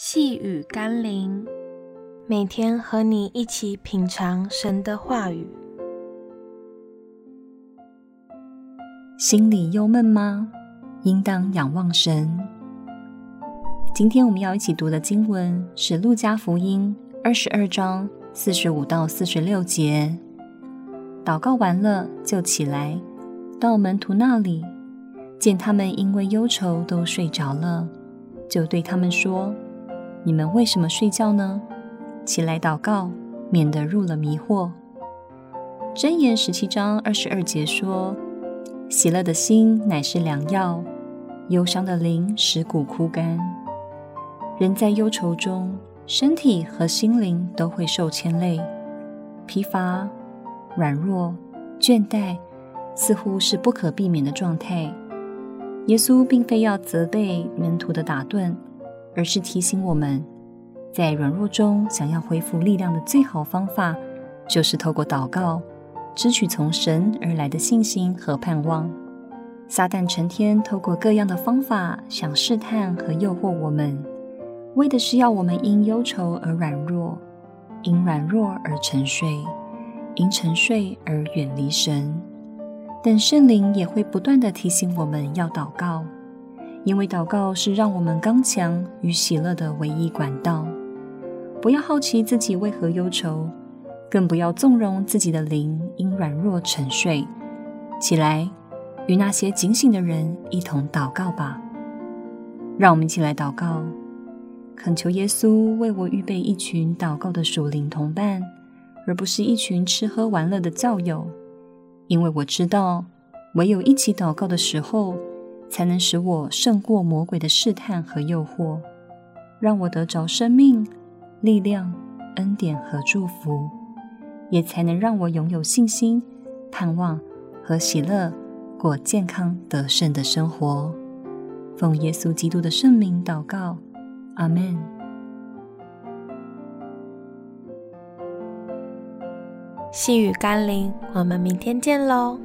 細語甘霖，每天和你一起品嘗神的話語。心裡憂悶嗎？應當仰望神。今天我們要一起讀的經文是《路加福音》二十二章四十五到四十六節。禱告完了，就起來到門徒那裡，見他們因為憂愁都睡着了，就對他們說。你們為什麼睡覺呢？起來禱告，免得入了迷惑。箴言十七章二十二節說：“喜樂的心乃是良藥，憂傷的靈使骨枯乾。”人在憂愁中，身體和心靈都會受牽累，疲乏、軟弱、倦怠，似乎是不可避免的狀態。耶穌並非要責備門徒的打盹。而是提醒我們，在軟弱中想要恢復力量的最好方法，就是透過禱告，支取從神而來的信心和盼望。撒旦成天透過各樣的方法，想試探和誘惑我們，為的是要我們因憂愁而軟弱，因軟弱而沉睡，因沉睡而遠離神。但聖靈也會不斷地提醒我們要禱告。因為禱告是讓我們剛強與喜樂的唯一管道。不要好奇自己為何憂愁，更不要縱容自己的靈因軟弱沉睡。起來，與那些警醒的人一同禱告吧。讓我們一起來禱告，懇求耶穌為我預備一群禱告的屬靈同伴，而不是一群吃喝玩樂的教友。因為我知道，唯有一起禱告的時候。才能使我勝過魔鬼的試探和誘惑，讓我得着生命、力量、恩典和祝福，也才能讓我擁有信心、盼望和喜樂，過健康得勝的生活。奉耶穌基督的聖名禱告，阿們。細語甘霖，我們明天見嘍。